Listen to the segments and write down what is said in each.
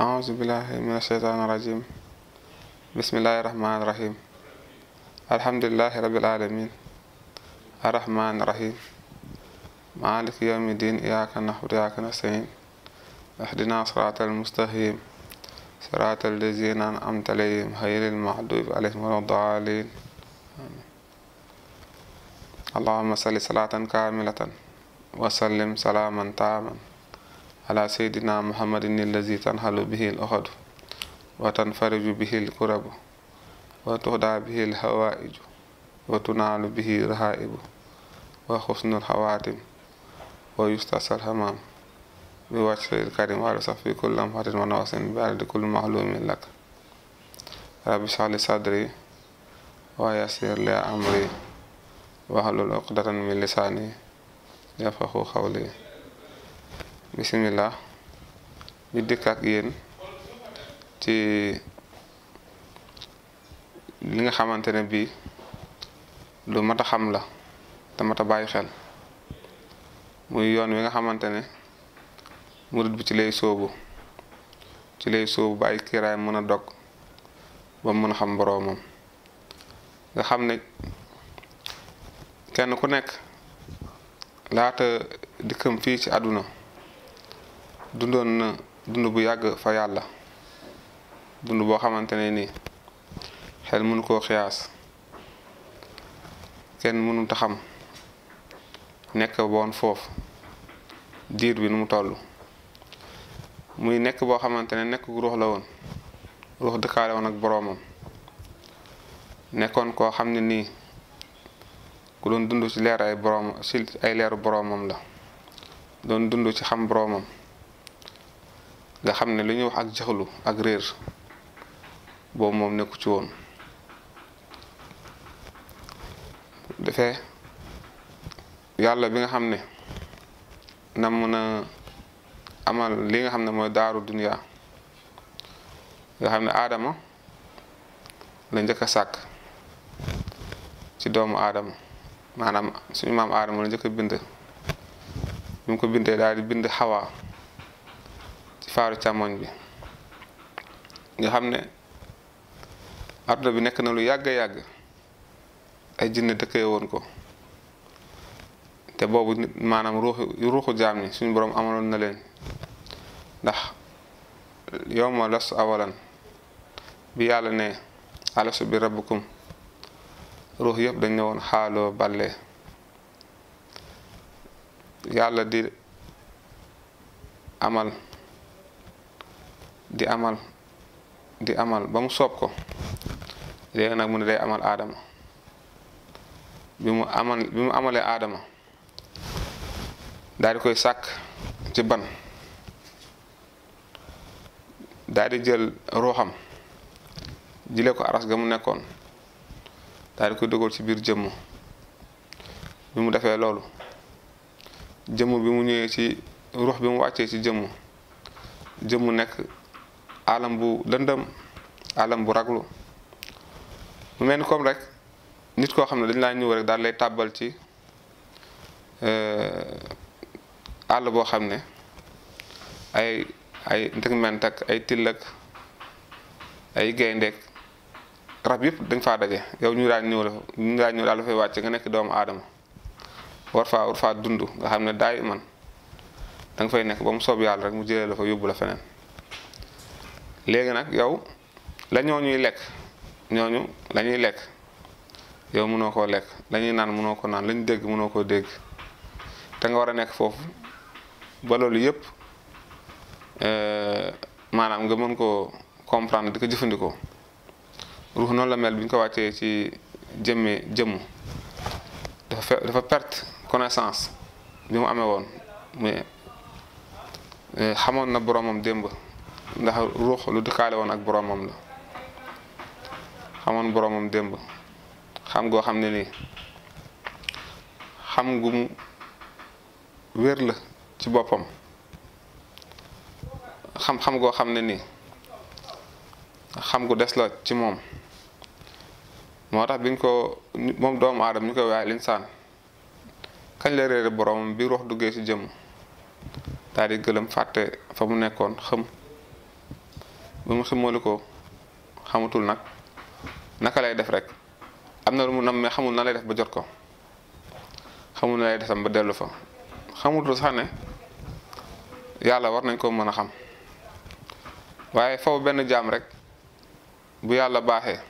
أعوذ بالله من الشيطان الرجيم بسم الله الرحمن الرحيم الحمد لله رب العالمين الرحمن الرحيم مالك يوم الدين إياك نعبد وإياك نستعين اهدنا صراط المستقيم صراط الذين أنعمت عليهم غير المغضوب عليهم ولا الضالين اللهم صل صلاة كاملة وسلم سلاما تاما على سيدنا محمد الذي تنحل به الأحد وتنفرج به الكرب وتهدى به الحوائج وتنال به الرهائب وحسن الحواتم ويستسى الحمام بوجه الكريم وعلى صفي كل لمحة ونواس بعد كل معلوم لك رب اشرح صدري ويسر لي أمري واحلل عقدة من لساني يفقه قولي bisimilah ñu dikk ak yéen ci li nga xamante ne bii lu mat a xam la te mat a bàyyi xel muy yoon wi nga xamante ne murit bi ci lay sóobu ci lay sóobu ba ay kiiraay mën a dog ba mën a xam boroomam nga xam ne kenn ku nekk laata dikkam fii ci àdduna dundoon na dund bu yàgg fa yàlla dund boo xamante ne nii xel mënu koo xiyaas kenn mënu ta nekk boon foofu diir bi nu mu toll muy nekk boo xamante ne nekk ruux la woon ruux dëkkaale woon ak boroomam nekkoon koo xam ne nii ku doon dund ci leer ay boroom ci ay leeru boroomam la doon dund ci xam boroomam nga xam ne lu ñuy wax ak jaxalu ak réer boobu moom nekku ci woon defee yàlla bi nga xam ne na mën a amal li nga xam ne mooy daaru duniya nga xam ne aadama la njëkk a sàkk ci doomu aadama maanaam suñu maam aadama la njëkk a bind bi mu ko bindee daal di bind xawaa faaru càmmoñ bi nga xam ne ardo bi nekk na lu yàgg yàgg ay jinne dëkkee woon ko te boobu maanaam ruuxu jaam ñi suñu boroom amaloon na leen ndax yow ma lastu awalan bi yàlla ne alastu bi rabbukum ruux yëpp dañ ñëwoon xaaloo bale yàlla di amal di amal di amal ba mu soob ko léegi nag mu ne day amal aadama bi mu amal bi mu amalee aadama daal koy sàkk ci ban daal jël ruuxam jëlee ko aras ga mu nekkoon daadi di koy dugal ci biir jëmm bi mu defee loolu jëmm bi mu ñëwee ci ruux bi mu wàccee ci jëmm jëmm nekk alam bu lëndëm alam bu raglu mu mel ni comme rek nit koo xam ne dañ laa ñëw rek daal lay tàbbal ci euh, àll boo xam ne ay ay ndëgment ak ay till ak ay gayndeek rab yëpp dañ faa daje yow ñu daan ñëw la ñu daan ñëw daal dafay wàcc nga nekk doomu aadama war faa war faa dund nga xam ne daay man da fay nekk ba mu soob yàlla rek mu jëlee la fa yóbbu la feneen léegi nag yow la ñooñuy lekk ñooñu lañuy lekk yow mënoo koo lekk la naan munoo koo naan la ñu dégg munoo koo dégg te nga war a nekk foofu ba loolu yëpp euh, maanaam nga mën koo comprendre di ko jëfandikoo ruux noonu la mel bi ñu ko wàccee ci jëmme jëmm dafa fe dafa perte connaissance bi mu amee woon mais euh, xamoon na boromam démb ndax ruux lu dëkkaale woon ak boromam la xamoon boromam démb xam goo xam ne nii xam gu mu wér la ci boppam xam-xam goo xam ne nii xam gu des la ci moom moo tax bi biñ ko moom doomu aadama ñu koy waaye linsaan kañ la réere boromam bi ruux duggee ci jëmm daal di gëlëm fàtte fa mu nekkoon xëm bu mu xamooli ko xamatul nag naka lay def rek am na lu mu nam mais xamul na lay def ba jot ko xamul na lay def tam ba dellu fa xamutul sax ne yàlla war nañ koo mën a xam waaye faw benn jaam rek bu yàlla baaxee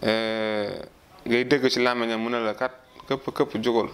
eh, ngay dégg ci làmmiñam mu ne la kat këpp këpp jógal